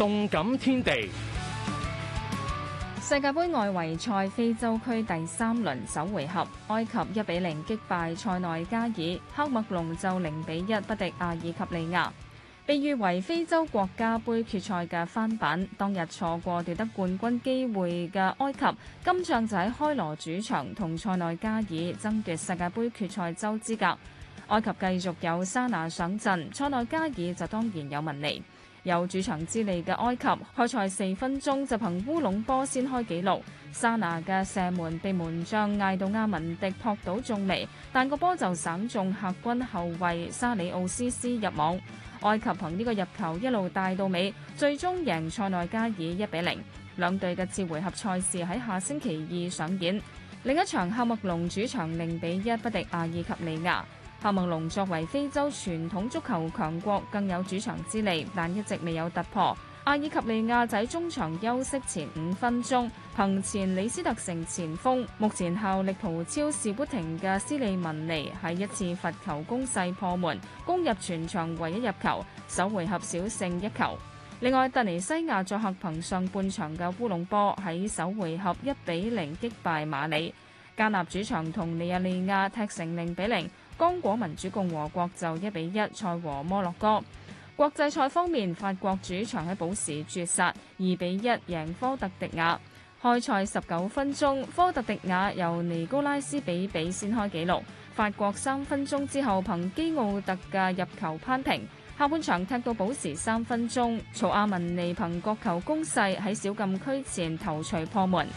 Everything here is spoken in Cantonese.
動感天地！世界盃外圍賽非洲區第三輪首回合，埃及一比零擊敗塞內加爾，喀麥隆就零比一不敵阿爾及利亞。被譽為非洲國家杯決賽嘅翻版，當日錯過奪得冠軍機會嘅埃及今仗就喺開羅主場同塞內加爾爭奪世界盃決賽周資格。埃及繼續有沙拿上陣，塞內加爾就當然有文尼。有主場之利嘅埃及開賽四分鐘就憑烏龍波先開紀錄，沙拿嘅射門被門將艾杜亞文迪撲倒中楣，但個波就省中客軍後衛沙里奧施斯入網。埃及憑呢個入球一路帶到尾，最終贏塞內加爾一比零。兩隊嘅次回合賽事喺下星期二上演。另一場，喀麥隆主場零比一不敵阿爾及利亞。喀麥隆作為非洲傳統足球強國，更有主場之利，但一直未有突破。阿爾及利亞仔中場休息前五分鐘，憑前里斯特城前鋒，目前效力葡超士砵亭嘅施利文尼喺一次罰球攻勢破門，攻入全場唯一入球，首回合小勝一球。另外，特尼西亞作客憑上半場嘅烏龍波喺首回合一比零擊敗馬里。加納主場同尼日利亞踢成零比零。剛果民主共和國就一比一賽和摩洛哥。國際賽方面，法國主場喺補時絕殺，二比一贏科特迪瓦。開賽十九分鐘，科特迪瓦由尼高拉斯比比先開紀錄，法國三分鐘之後憑基奧特嘅入球扳平。下半場踢到補時三分鐘，曹阿文尼憑角球攻勢喺小禁區前頭槌破門。